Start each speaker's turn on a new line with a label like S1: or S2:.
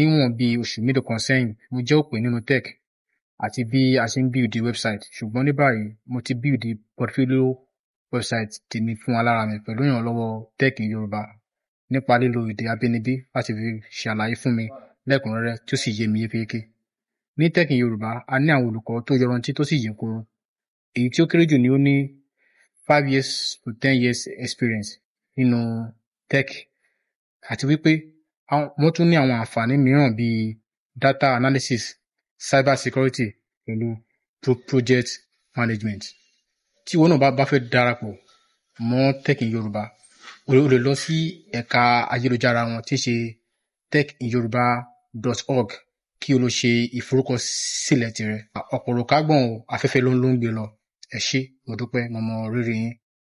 S1: níwọ̀n bí oṣù mélòó kan sẹ́yìn mo jẹ́ òpè nínú tech àti bí a ṣe ń build website ṣùgbọ́n ní báyìí mo ti build portfolio website tèmi fún alára mi pẹ̀lú ìrànlọ́wọ́ tech Yorùbá nípa lílo èdè abínibí láti fi ṣàlàyé fún mi lẹ́kùnrẹ́rẹ́ tí ó sì yé mi yékéyéké. Ní tech Yorùbá a ní àwọn olùkọ́ tó yọrantí tó sì yè kooro èyí tí ó kéré jù ni ó ní five years to ten years experience nínú tech àti wípé wọ́n tún ní àwọn àǹfààní mìíràn bíi data analysis cyber security pẹ̀lú project management tí ìwọ náà bá bá fẹ́ darapọ̀ mọ́ tech in yorùbá o lè lọ sí ẹ̀ka ayélujára wọn tí í ṣe techinyoruba.org kí o lọ ṣe ìforúkọsílẹ̀ tirẹ̀ ọ̀pọ̀lọpọ̀ kágbọ̀n afẹ́fẹ́ ló ń ló ń gbé lọ ẹ ṣé mo dúpẹ́ mo mọ rírì yín.